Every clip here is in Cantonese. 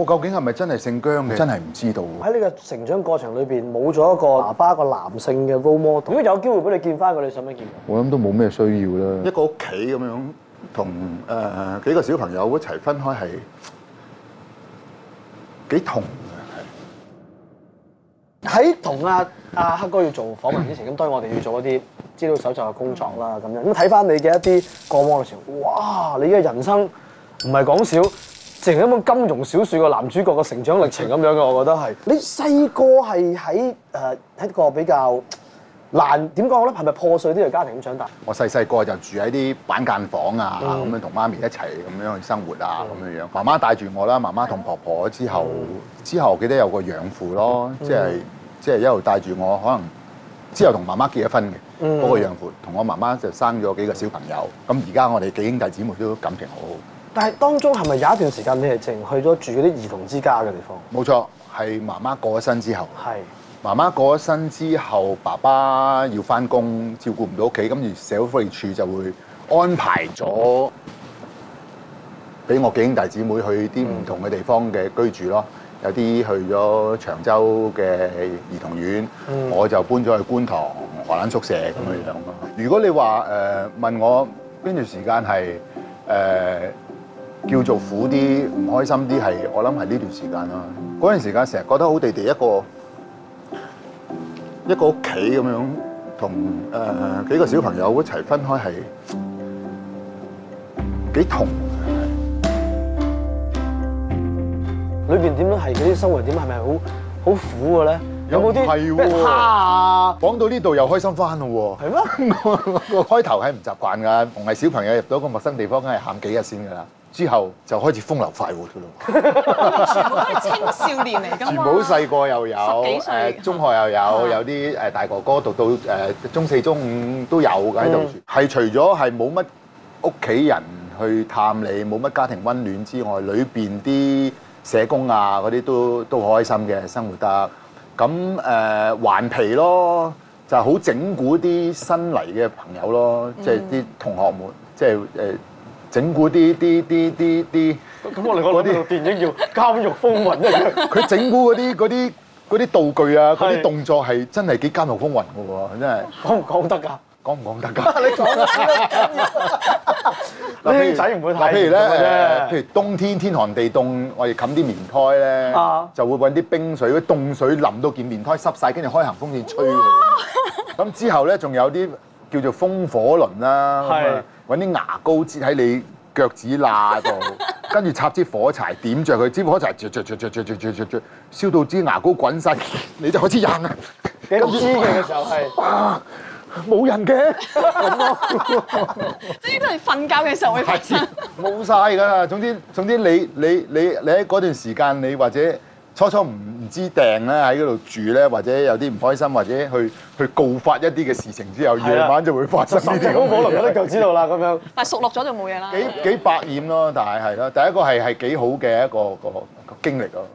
我究竟係咪真係姓姜嘅？真係唔知道喎。喺呢個成長過程裏邊，冇咗一個爸爸、一個男性嘅 role model。如果有機會俾你見翻佢，想唔想見？我諗都冇咩需要啦。一個屋企咁樣同誒幾個小朋友一齊分開係幾痛。喺同阿阿黑哥要做訪問之前，咁當然我哋要做一啲資料搜集嘅工作啦。咁樣咁睇翻你嘅一啲過往嘅時候，哇！你嘅人生唔係講笑。成一本金庸小説個男主角個成長歷程咁樣嘅，我覺得係你細個係喺誒一個比較難點講，我覺得係咪破碎啲嘅家庭咁長大？我細細個就住喺啲板間房啊，咁、嗯、樣同媽咪一齊咁樣去生活啊，咁樣、嗯、樣。媽媽帶住我啦，媽媽同婆婆之後，嗯、之後記得有個養父咯，即係即係一路帶住我。可能之後同媽媽結咗婚嘅嗰個養父，同我媽媽就生咗幾個小朋友。咁而家我哋幾兄弟姊妹都感情好好。但係當中係咪有一段時間你係淨去咗住嗰啲兒童之家嘅地方？冇錯，係媽媽過咗身之後。係是媽媽過咗身之後，爸爸要返工照顧唔到屋企，咁而社會福利處就會安排咗俾我幾兄弟姊妹去啲唔同嘅地方嘅居住咯。嗯、有啲去咗長洲嘅兒童院，嗯、我就搬咗去觀塘荷蘭宿舍咁樣樣、嗯、如果你話誒、呃、問我邊段時間係誒？呃叫做苦啲唔開心啲係，我諗係呢段時間啦。嗰段時間成日覺得好地地一個一個屋企咁樣，同誒、呃、幾個小朋友一齊分開係幾痛。裏邊點樣係，嗰啲生活點樣係咪好好苦嘅咧？有冇啲？咩蝦講到呢度又開心翻咯喎，係咩嗎？我開頭係唔習慣㗎，同埋小朋友入到一個陌生地方，梗係喊幾日先㗎啦。之後就開始風流快活㗎咯。 全部都係青少年嚟㗎，全部好細個又有，誒中學又有，嗎有啲誒大哥哥讀到誒中四、中五都有㗎喺度。係、嗯、除咗係冇乜屋企人去探你，冇乜家庭溫暖之外，裏邊啲社工啊嗰啲都都好開心嘅，生活得。咁誒頑皮咯，就係、是、好整蠱啲新嚟嘅朋友咯，即係啲同學們，即係誒整蠱啲啲啲啲啲。咁我哋講嗰套電影叫《啊、是 監獄風雲》啫。佢整蠱嗰啲啲啲道具啊，嗰啲動作係真係幾監獄風雲嘅喎，真係。講唔講得㗎？講唔講得㗎？ 你講得 嗱，譬如唔會睇，譬如咧，譬如冬天天寒地凍，我哋冚啲棉胎咧，就會揾啲冰水、啲凍水淋到件棉胎濕晒，跟住開行風扇吹佢。咁之後咧，仲有啲叫做風火輪啦，揾啲牙膏擠喺你腳趾罅度，跟住插支火柴點着佢，支火柴灼灼灼灼灼灼灼灼灼，燒到支牙膏滾晒，你就開始癢啦。咁癢嘅時候係。冇人嘅 即係瞓覺嘅時候會發生，冇晒㗎啦。總之總之你，你你你你喺嗰段時間，你或者初初唔唔知訂咧喺嗰度住咧，或者有啲唔開心，或者去去告發一啲嘅事情之後，夜對了 晚就會發生。咁可能我都夠知道啦，咁對這樣。但熟落咗就冇嘢啦。幾幾百厭咯，但係係啦，第一個係係幾好嘅一個一個，一個經歷咯。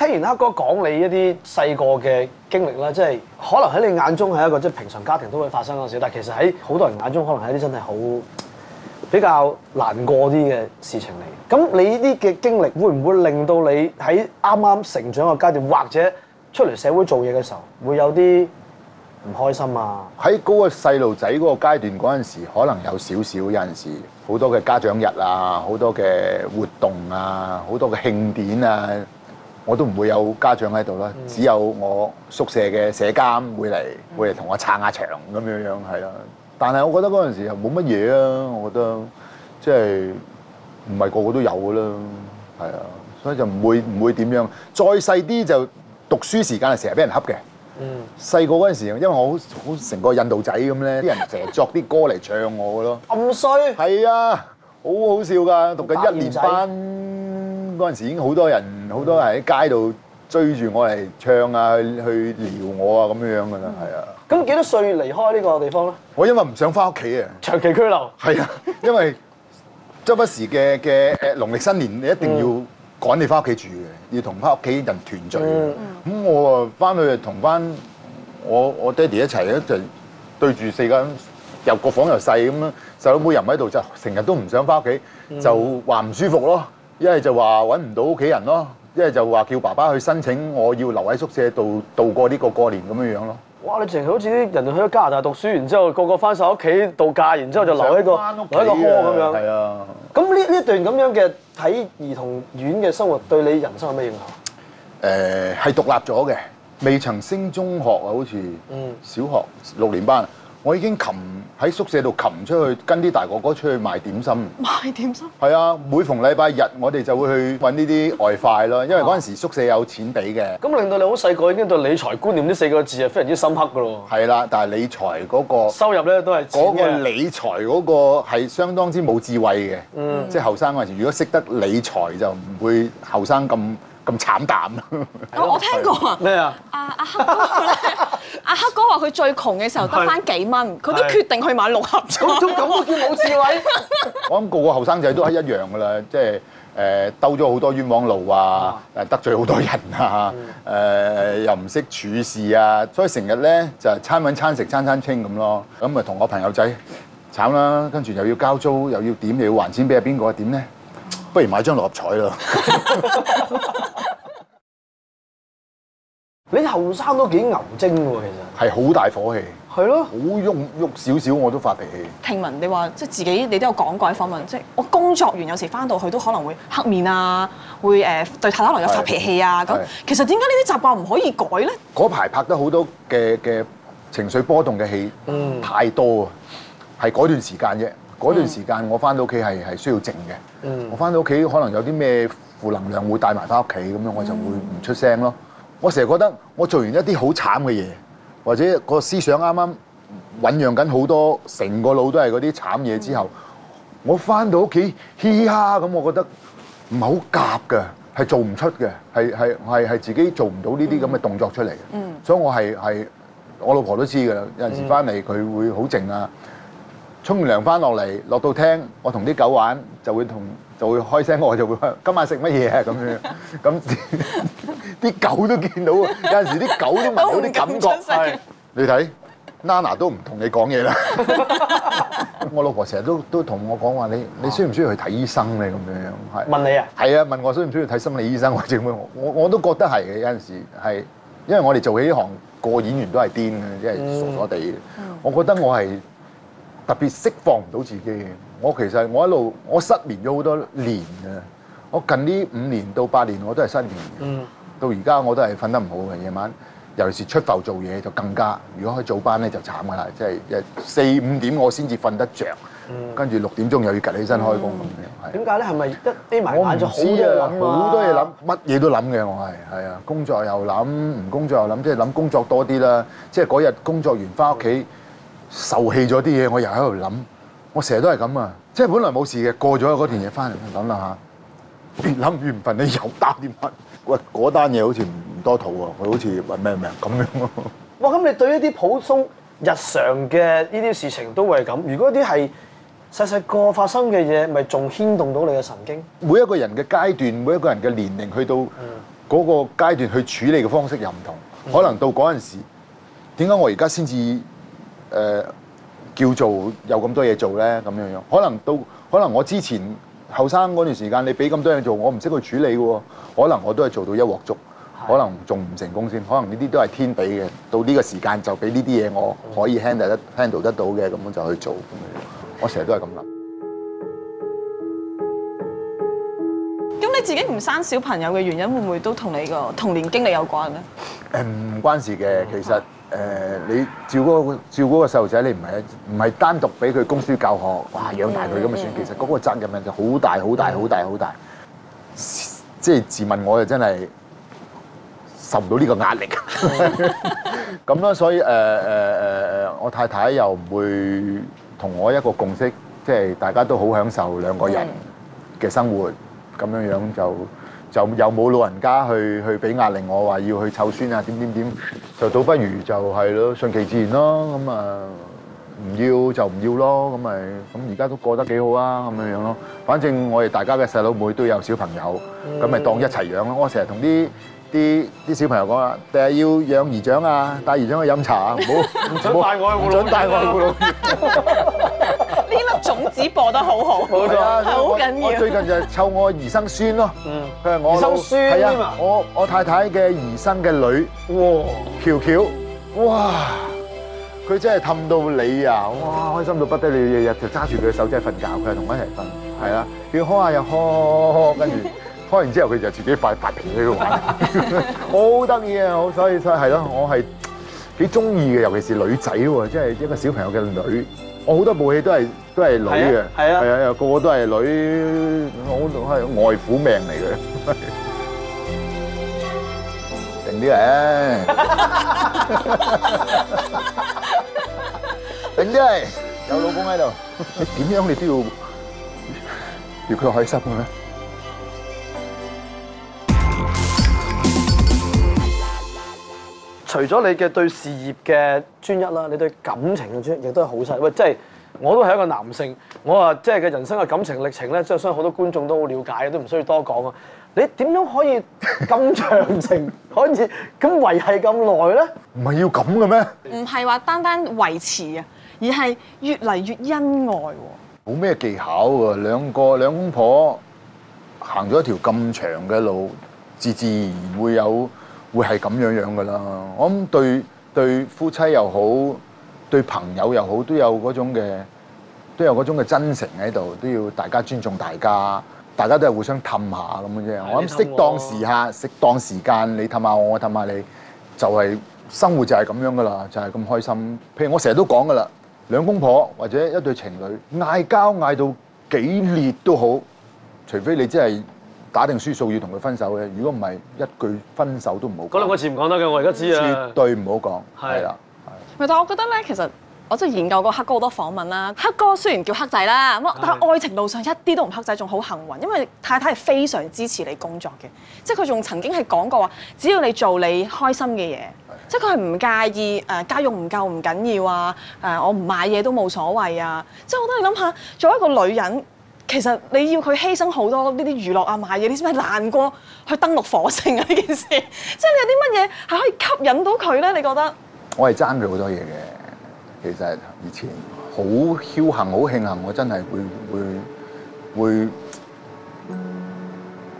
聽完黑哥講你一啲細個嘅經歷啦，即係可能喺你眼中係一個即係平常家庭都會發生嘅事，但係其實喺好多人眼中，可能係一啲真係好比較難過啲嘅事情嚟。咁你呢啲嘅經歷會唔會令到你喺啱啱成長嘅階段，或者出嚟社會做嘢嘅時候，會有啲唔開心啊？喺嗰個細路仔嗰個階段嗰陣時，可能有少少有陣時，好多嘅家長日啊，好多嘅活動啊，好多嘅慶典啊。我都唔會有家長喺度啦，只有我宿舍嘅舍監會嚟，會嚟同我撐下場咁樣樣係啦。但係我覺得嗰陣時又冇乜嘢啊，我覺得即係唔係個個都有嘅咯，係啊，所以就唔會唔會點樣？再細啲就讀書時間係成日俾人恰嘅。細個嗰陣時，因為我好好成個印度仔咁咧，啲人成日作啲歌嚟唱我嘅咯。咁衰？係啊，好好笑㗎，讀緊一年班。嗰陣時已經好多人，好多人喺街度追住我嚟唱啊，去撩我啊，咁樣樣噶啦，係啊。咁幾多歲離開呢個地方咧？我因為唔想翻屋企啊。長期拘留。係啊，因為周 不時嘅嘅誒，農曆新年，你一定要趕你翻屋企住嘅，要同翻屋企人團聚。咁 我啊翻去同翻我我爹哋一齊咧，就對住四個又間又個房又細咁啦，細佬妹又唔喺度，就成日都唔想翻屋企，就話唔舒服咯。一係就話揾唔到屋企人咯，一係就話叫爸爸去申請我要留喺宿舍度度過呢個過年咁樣樣咯。哇！你淨係好似啲人去咗加拿大讀書，然之後個個翻晒屋企度假，然之後就留喺個留喺個窩咁樣。係啊。咁呢呢段咁樣嘅喺兒童院嘅生活，對你人生有咩影響？誒、呃，係獨立咗嘅，未曾升中學啊，好似，嗯，小學六年班，我已經琴。喺宿舍度擒出去，跟啲大哥哥出去賣點心。賣點心。係啊，每逢禮拜日，我哋就會去揾呢啲外快咯。Fi, 因為嗰陣時宿舍有錢俾嘅。咁令到你好細個已經對理財觀念呢四個字係非常之深刻噶咯。係啦，但係理財嗰個收入呢都係嗰個理財嗰個係相當之冇智慧嘅。嗯。即係後生嗰陣時，如果識得理財，就唔會後生咁，咁慘淡咯！我我聽過是啊！咩啊？阿阿黑哥阿、啊、黑哥話佢最窮嘅時候得翻幾蚊，佢是都決定去買六合彩是，咁我叫冇智慧。我諗個個後生仔都係一樣噶啦，即係誒兜咗好多冤枉路啊，誒哇得罪好多人啊，誒、呃、又唔識處事啊、呃，所以成日咧就餐揾餐食，餐餐清咁咯。咁咪同我朋友仔慘啦，跟住又要交租，又要點，又要還錢俾阿邊個，點咧？不如買張六合彩咯！ 你後生都幾牛精喎，其實係好大火氣，係咯，好喐喐少少我都發脾氣。聽聞你話即係自己你都有講過呢個訪問，即係我工作完有時翻到去都可能會黑面啊，會誒對太太來又發脾氣啊咁。其實點解呢啲習慣唔可以改咧？嗰排拍得好多嘅嘅情緒波動嘅戲，嗯，太多啊，係嗰段時間啫。嗰段時間我翻到屋企係係需要靜嘅，的嗯，我翻到屋企可能有啲咩負能量會帶埋翻屋企咁樣，我就會唔出聲咯。我成日覺得我做完一啲好慘嘅嘢，或者個思想啱啱醖釀緊好多，成個腦都係嗰啲慘嘢之後，我翻到屋企嘻嘻哈咁，我覺得唔係好夾㗎，係做唔出嘅，係係係係自己做唔到呢啲咁嘅動作出嚟。嗯，所以我係係我老婆都知㗎，有陣時翻嚟佢會好靜啊。沖完涼翻落嚟，落到廳，我同啲狗玩，就會同就會開聲，我就會今晚食乜嘢啊咁樣，咁啲狗都見到啊，有陣時啲狗都聞到啲感覺。係，你睇 Nana 都唔同你講嘢啦。我老婆成日都都同我講話，你你需唔需要去睇醫生咧？咁樣樣係問你啊？係啊，問我需唔需要睇心理醫生或者咩？我我都覺得係嘅，有陣時係，因為我哋做起呢行個演員都係癲嘅，即係傻傻地。我覺得我係。特別釋放唔到自己嘅，我其實我一路我失眠咗好多年嘅，我近呢五年到八年我都係失眠嘅。到而家我都係瞓得唔好嘅夜晚，尤其是出埠做嘢就更加，如果開早班咧就慘噶啦，即係四五點我先至瞓得著，跟住六點鐘又要趷起身開工咁樣。點解咧？係咪一眯埋眼就好多嘢諗啊？好多嘢諗，乜嘢都諗嘅我係，係啊，工作又諗，唔工作又諗，即係諗工作多啲啦，即係嗰日工作完翻屋企。受氣咗啲嘢，我又喺度諗，我成日都係咁啊！即係本來冇事嘅，過咗嗰段嘢翻嚟諗諗吓，越諗越唔忿，你又擔啲乜？喂，嗰單嘢好似唔多肚啊，佢好似話咩咩咁樣咯。哇！咁你對一啲普通日常嘅呢啲事情都會係咁。如果啲係細細個發生嘅嘢，咪仲牽動到你嘅神經？每一個人嘅階段，每一個人嘅年齡去到嗰個階段去處理嘅方式又唔同，嗯、可能到嗰陣時，點解我而家先至？誒、呃、叫做有咁多嘢做咧，咁樣樣可能到可能我之前後生嗰段時間，你俾咁多嘢做，我唔識去處理嘅喎，可能我都係做到一鑊粥，可能仲唔成功先，可能呢啲都係天俾嘅。到呢個時間就俾呢啲嘢我可以 handle 得 handle 得到嘅，咁樣就去做咁樣。我成日都係咁諗。咁你自己唔生小朋友嘅原因，會唔會都同你個童年經歷有關咧？誒唔關事嘅，其實。誒、那個，你照嗰個照嗰個細路仔，你唔係唔係單獨俾佢供書教學，哇，養大佢咁啊算，其實嗰個責任呢就好大好大好大好大。即係自問我就真係受唔到呢個壓力，咁啦，所以誒誒誒，我太太又唔會同我一個共識，即、就、係、是、大家都好享受兩個人嘅生活咁樣是的 樣就。就有冇老人家去去俾壓力我話要去湊孫啊點點點，怎樣怎樣怎樣就倒不如就係咯，順其自然咯，咁啊唔要就唔要咯，咁咪咁而家都過得幾好啊咁樣樣咯。反正我哋大家嘅細佬妹都有小，小朋友，咁咪當一齊養咯。我成日同啲啲啲小朋友講啊，定係要養姨丈啊，帶姨丈去飲茶啊，唔好唔好唔準帶我去護老院。 呢粒種子播得好好，冇錯，好緊 要。最近就湊我兒生孫咯，佢係、嗯、我女，係生啊，嗎我我太太嘅兒生嘅女，哇，喬喬，哇，佢真係氹到你啊，哇，開心到不得了，日日就揸住佢嘅手真係瞓覺，佢係同我一齊瞓，係啦、啊，佢開下又開開，跟住開完之後佢就自己發發脾氣喺度玩，好得意啊，好，所以所以係咯、啊，我係幾中意嘅，尤其是女仔喎，即係一個小朋友嘅女。我好多部戲都係都係女嘅，係啊，係啊，啊，個個都係女，我係外父命嚟嘅。定啲嚟，定啲嚟，有老公喺度。 你點樣你都要要佢開心嘅。除咗你嘅對事業嘅專一啦，你對感情嘅專一亦都係好犀。喂，即係我都係一個男性，我啊即係嘅人生嘅感情歷程咧，即係所以好多觀眾都好了解都唔需要多講啊。你點樣可以咁長情， 可以咁維繫咁耐咧？唔係要咁嘅咩？唔係話單單維持啊，而係越嚟越恩愛喎。冇咩技巧㗎，兩個兩公婆行咗一條咁長嘅路，自自然會有。會係咁樣樣噶啦，我諗對對夫妻又好，對朋友又好，都有嗰種嘅，都有嗰種嘅真誠喺度，都要大家尊重大家，大家都係互相氹下咁樣啫。 我諗適當時下，適當時間，你氹下我，我氹下你，就係、是、生活就係咁樣噶啦，就係、是、咁開心。譬如我成日都講噶啦，兩公婆或者一對情侶嗌交嗌到幾烈都好，除非你真係。打定輸數要同佢分手嘅，如果唔係一句分手都唔好講。嗰兩個字唔講得嘅，我而家知啊。絕對唔好講，係啦。唔係，但我覺得咧，其實我真係研究過黑哥好多訪問啦。黑哥雖然叫黑仔啦，咁但係愛情路上一啲都唔黑仔，仲好幸運，因為太太係非常支持你工作嘅。即係佢仲曾經係講過話，只要你做你開心嘅嘢，即係佢係唔介意誒，家用唔夠唔緊要啊，誒我唔買嘢都冇所謂啊。即係我覺得你諗下，做一個女人。其實你要佢犧牲好多呢啲娛樂啊、買嘢啲，你知唔係難過去登陸火星啊！呢件事，即係你有啲乜嘢係可以吸引到佢咧？你覺得？我係爭佢好多嘢嘅，其實以前好僥倖、好慶幸，我真係會會會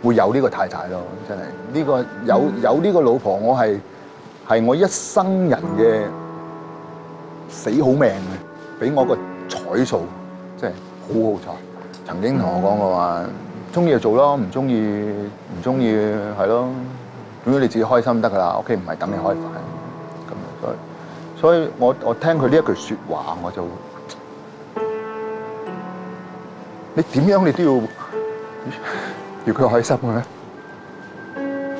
會有呢個太太咯！真係呢、這個有有呢個老婆，我係係我一生人嘅死好命嘅，俾我個彩數，真係好好彩。曾經同我講過話，中意就做咯，唔中意唔中意係咯。主要你自己開心得㗎喇，屋企唔係等你開飯咁。嗯、所以，所以我我聽佢呢一句説話，我就你點樣你都要 要佢開心嘅咧。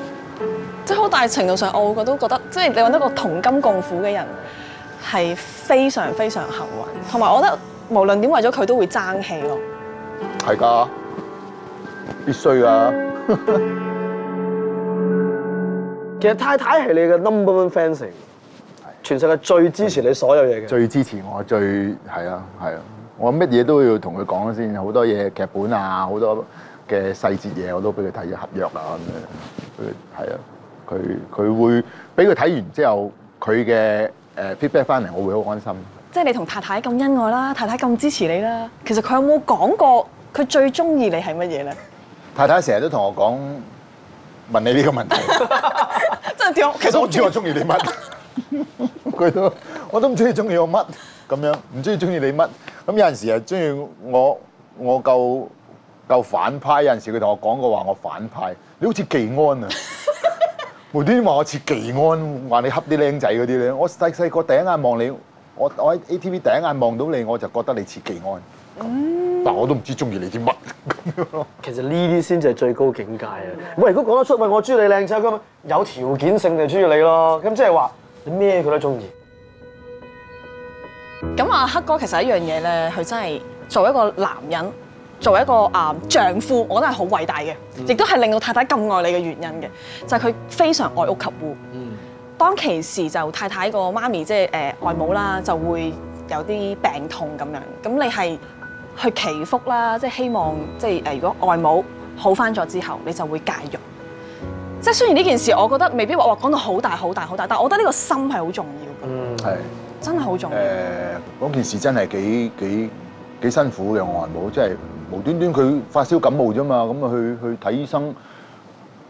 即係好大程度上，我我都覺得，即係你搵一個同甘共苦嘅人係非常非常幸運，同埋我覺得無論點為咗佢都會爭氣咯。係噶，必須噶。 其實太太係你嘅 number one fan 成，的全世界最支持你所有嘢嘅。最支持我最係啊，係啊，我乜嘢都要同佢講先，好多嘢劇本啊，好多嘅細節嘢我都俾佢睇嘅合約啊咁樣。係啊，佢佢會俾佢睇完之後，佢嘅誒 feedback 翻嚟，我會好安心。即係你同太太咁恩愛啦，太太咁支持你啦。其實佢有冇講過？佢最中意你係乜嘢咧？太太成日都同我講，問你呢個問題，真係點？其實我知我中意你乜，佢都我都唔知佢中意我乜咁樣，唔知佢中意你乜。咁有陣時係中意我，我夠夠反派。有陣時佢同我講過話我反派，你好似忌安啊，無端端話我似忌安，話你恰啲僆仔嗰啲咧。我細細個第一眼望你，我我喺 ATV 第一眼望到你，我就覺得你似忌安。嗯、但我都唔知中意你啲乜咁樣咯。 其實呢啲先至係最高境界啊！喂，如果講得出，喂我中意你靚仔咁，有條件性就中意你咯。咁即係話你咩佢都中意。咁啊，黑哥其實一樣嘢咧，佢真係作為一個男人，作為一個啊、呃、丈夫，我覺得係好偉大嘅，亦都係令到太太咁愛你嘅原因嘅，就係、是、佢非常愛屋及烏。嗯。當其時就太太個媽咪即係誒、呃、外母啦，就會有啲病痛咁樣，咁你係。去祈福啦，即係希望，即係誒。如果外母好返咗之後，你就會戒肉。即係雖然呢件事，我覺得未必話話講到好大、好大、好大，但係我覺得呢個心係好重要嘅，係、嗯、真係好重要。誒、呃，嗰件事真係幾幾幾辛苦嘅外母，嗯、即係無端端佢發燒感冒啫嘛，咁啊去去睇醫生，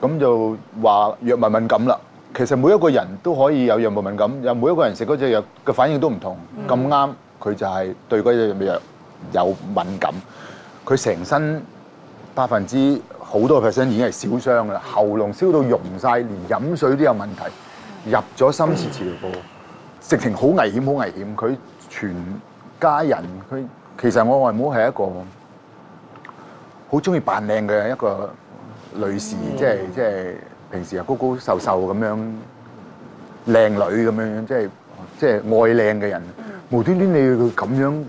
咁就話藥物敏感啦。其實每一個人都可以有藥物敏感，有每一個人食嗰隻藥嘅反應都唔同，咁啱佢就係對嗰隻藥有敏感，佢成身百分之好多 percent 已經係燒傷啦，喉嚨燒到溶晒，連飲水都有問題，入咗深切治療部，直情好危險，好危險。佢全家人，佢其實我外母係一個好中意扮靚嘅一個女士，嗯、即係即係平時又高高瘦瘦咁樣靚女咁樣，即係即係愛靚嘅人，無端端你要佢咁樣。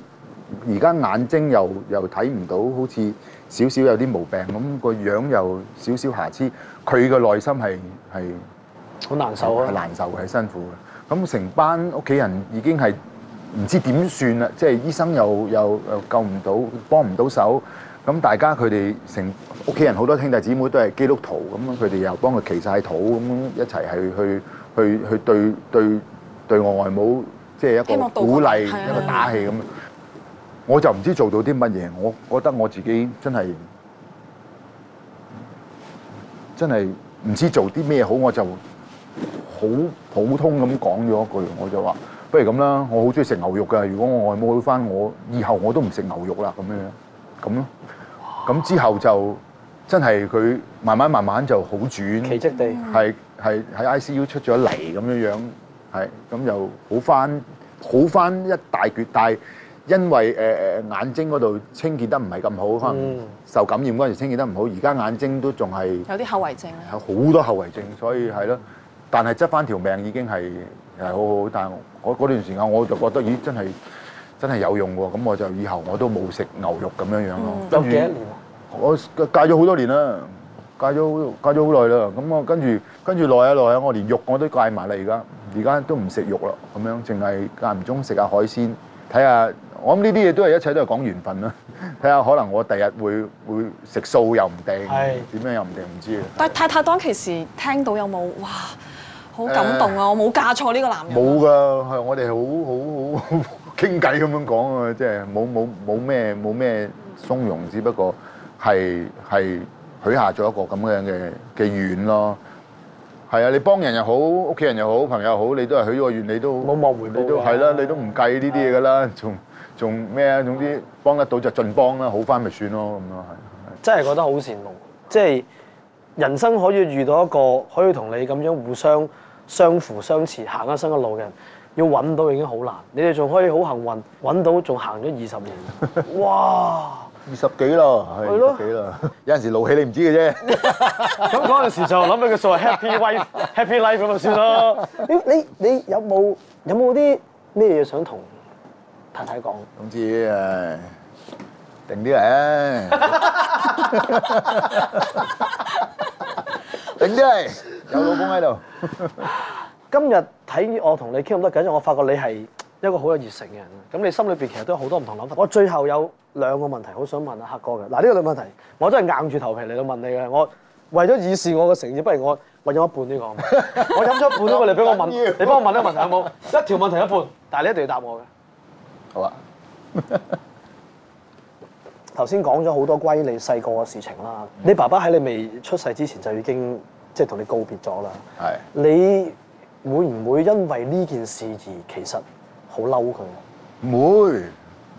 而家眼睛又又睇唔到，好似少少有啲毛病咁，個樣又少少瑕疵。佢個內心係係好難受啊，係難受嘅，係辛苦嘅。咁成班屋企人已經係唔知點算啦，即係醫生又又又救唔到，幫唔到手。咁大家佢哋成屋企人好多兄弟姊妹都係基督徒咁樣，佢哋又幫佢祈晒禱咁樣一齊係去去去對對對我外母，即係一個鼓勵一個打氣咁。我就唔知做到啲乜嘢，我覺得我自己真係真係唔知做啲咩好，我就好普通咁講咗一句，我就話：不如咁啦，我好鍾意食牛肉㗎，如果我外母去翻，我以後我都唔食牛肉啦，咁樣樣，咁咯，咁之後就真係佢慢慢慢慢就好轉，奇蹟地，係係喺 ICU 出咗嚟咁樣樣，係咁又好翻好翻一大橛，但係。因為誒誒眼睛嗰度清潔得唔係咁好，可能、嗯、受感染嗰陣時清潔得唔好，而家眼睛都仲係有啲後遺症啊！有好多後遺症，所以係咯。但係執翻條命已經係係好好，但係我嗰段時間我就覺得咦，真係真係有用喎！咁我就以後我都冇食牛肉咁樣樣咯。有幾多年啊？我戒咗好多年啦，戒咗戒咗好耐啦。咁我跟住跟住耐一耐下，我連肉我都戒埋啦。而家而家都唔食肉啦，咁樣淨係間唔中食下海鮮，睇下。 我諗呢啲嘢都係一切都係講緣分啦。睇下可能我第日會會食素又唔定，點樣又唔定，唔知，但係太太當其時聽到有冇？哇，好感動啊！我冇嫁錯呢個男人，呃。冇㗎，係我哋好好好傾偈咁樣講啊，即係冇冇冇咩冇咩鬆容，只不過係係許下咗一個咁樣嘅嘅願咯。係啊，你幫人又好，屋企人又好，朋友又好，你都係許咗個願，你都冇忘回你都係啦，你都唔計呢啲嘢㗎啦，仲。用咩啊？總之幫得到就盡幫啦，好翻咪算咯咁咯，係。真係覺得好羨慕，即係人生可以遇到一個可以同你咁樣互相相扶相持行一生嘅路嘅人，要揾到已經好難。你哋仲可以好幸運揾到，仲行咗二十年。哇！二十幾咯，係的二十幾啦。有陣時勞氣你唔知嘅啫。咁嗰陣時就諗起個數係 Happy Wife，Happy Life 咁就算咯。你你你，你有冇有冇啲咩嘢想同？太太講，總之係頂啲嚟，頂啲嚟，有老公喺度。今日睇我同你傾咁多偈，我發覺你係一個好有熱誠嘅人。咁你心裏邊其實都有好多唔同諗法。我最後有兩個問題好想問下客哥嘅。嗱，呢個問題，我真係硬住頭皮嚟到問你嘅。我為咗以示我嘅誠意，不如我飲咗一半先講。我飲咗一半都過嚟俾我問，你幫我問啲問題有冇？一條問題一半，但係你一定要答我嘅。好啊！頭先講咗好多關於你細個嘅事情啦。嗯、你爸爸喺你未出世之前就已經即係同你告別咗啦。係是的 你會唔會因為呢件事而其實好嬲佢？唔會，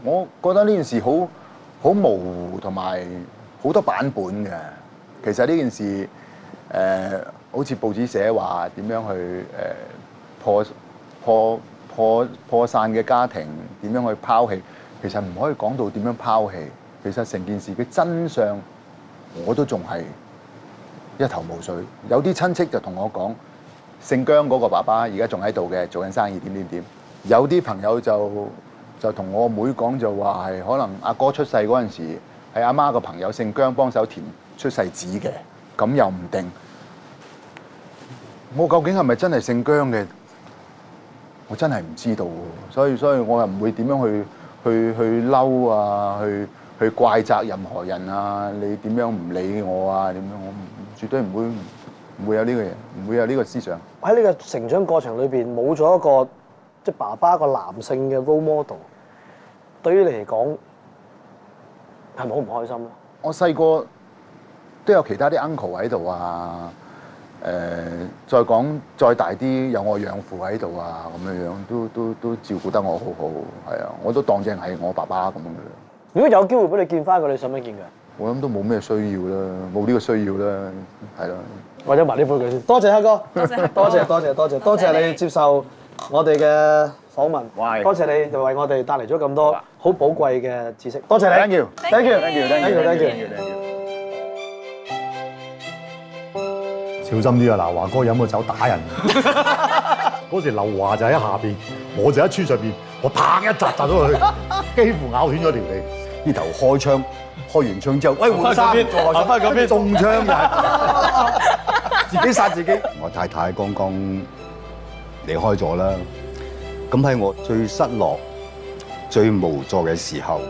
我覺得呢件事好好模糊同埋好多版本嘅。其實呢件事誒、呃，好似報紙寫話點樣去誒、破、呃、破。破破破散嘅家庭點樣去拋棄，其實唔可以講到點樣拋棄。其實成件事嘅真相，我都仲係一頭霧水。有啲親戚就同我講，姓姜嗰個爸爸而家仲喺度嘅，做緊生意，點點點。有啲朋友就就同我妹講，就話係可能阿哥，哥出世嗰陣時，係阿媽個朋友姓姜幫手填出世紙嘅，咁又唔定。我究竟係咪真係姓姜嘅？我真係唔知道，所以所以我又唔會點樣去去去嬲啊，去去，去，去怪責任何人啊，你點樣唔理我啊？點樣我絕對唔會唔會有呢個嘢，唔會有呢個思想。喺呢個成長過程裏邊，冇咗一個即係爸爸一個男性嘅 role model，對於你嚟講係咪好唔開心咯。我細個都有其他啲 uncle 喺度啊。誒，再講再大啲，有我養父喺度啊，咁樣樣都都都照顧得我好好，係啊，我都當正係我爸爸咁樣嘅。如果有機會俾你見翻佢，你想唔想見佢？我諗都冇咩需要啦，冇呢個需要啦，係啦。或者埋呢杯佢先，多謝黑哥，多謝多謝多謝多謝你接受我哋嘅訪問，多謝你為我哋帶嚟咗咁多好寶貴嘅知識，多謝你，Thank you，Thank you，Thank you，Thank you，Thank you。小心啲啊！嗱，華哥飲個酒打人，嗰 時劉華就喺下邊，我就喺窗上邊，我啪一砸砸咗佢，幾乎咬斷咗條脷，呢頭開槍，開完槍之後，喂，換衫，翻去嗰邊，邊中槍人， 自己殺自己。我太太剛剛離開咗啦，咁喺我最失落、最無助嘅時候。